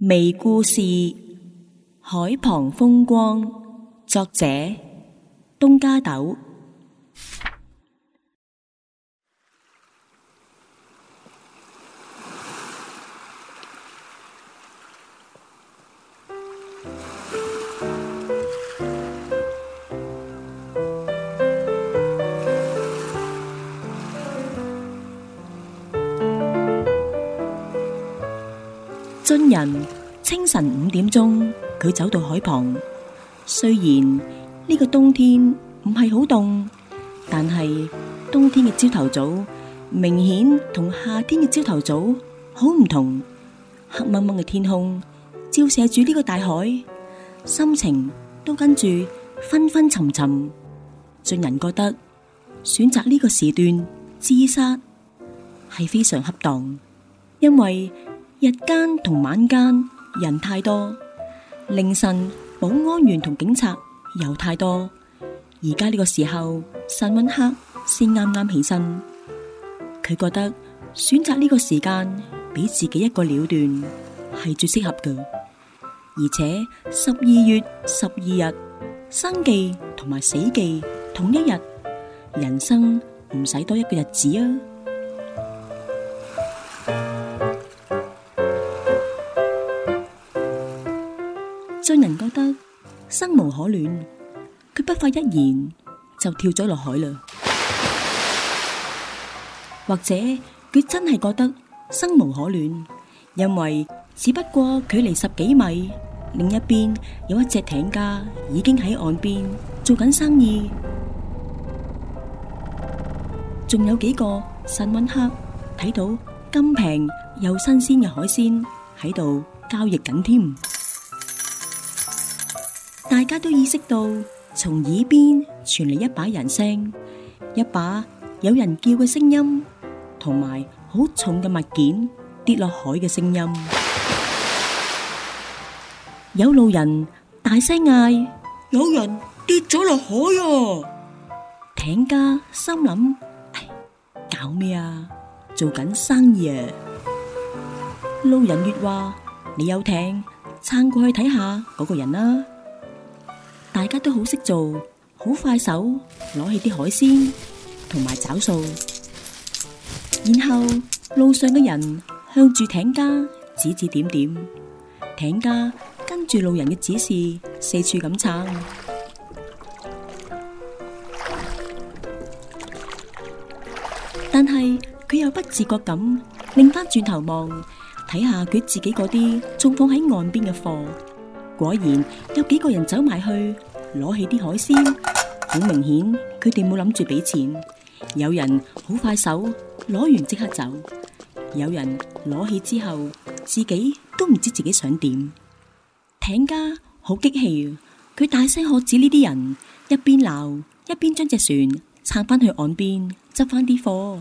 微故事：海旁風光，作者：東加豆。俊人清晨五點鐘，佢走到海旁。雖然呢個冬天唔係好凍，但係冬天嘅朝頭早，明顯同夏天嘅朝頭早好唔同。黑濛濛嘅天空照射住呢個大海，心情都跟住昏昏沉沉。俊人覺得選擇呢個時段自殺係非常恰當，因為。日間同晚間人太多，凌晨保安員同警察又太多。而家呢個時候，散昏黑先啱啱起身，佢覺得選擇呢個時間俾自己一個了斷係最適合嘅。而且十二月十二日生忌同埋死忌同一日，人生唔使多一個日子啊！將人覺得生無可戀，佢不發一言就跳咗落海啦。或者佢真係覺得生無可戀，因為只不過距離十幾米，另一邊有一隻艇家已經喺岸邊做緊生意，仲有幾個晨運客睇到咁平又新鮮嘅海鮮喺度交易緊添。大家都意識到，從耳邊傳嚟一把人聲，一把有人叫嘅聲音，同埋好重嘅物件跌落海嘅聲音。有路人大聲嗌：有人跌咗落海啊！艇家心諗：搞咩啊？做緊生意啊！路人乙話：你有艇，撐過去睇下嗰個人啦。大家都好識做，好快手攞起啲海鮮同埋找數，然後路上嘅人向住艇家指指點點，艇家跟住路人嘅指示四處咁撐，但係佢又不自覺咁擰翻轉頭望睇下佢自己嗰啲仲放喺岸邊嘅貨，果然有幾個人走埋去。攞起啲海鮮，好明顯佢哋冇諗住俾錢。有人好快手，攞完即刻走；有人攞起之後，自己都唔知自己想點。艇家好激氣，佢大聲喝止呢啲人，一邊鬧一邊將隻船撐返去岸邊，執翻啲貨。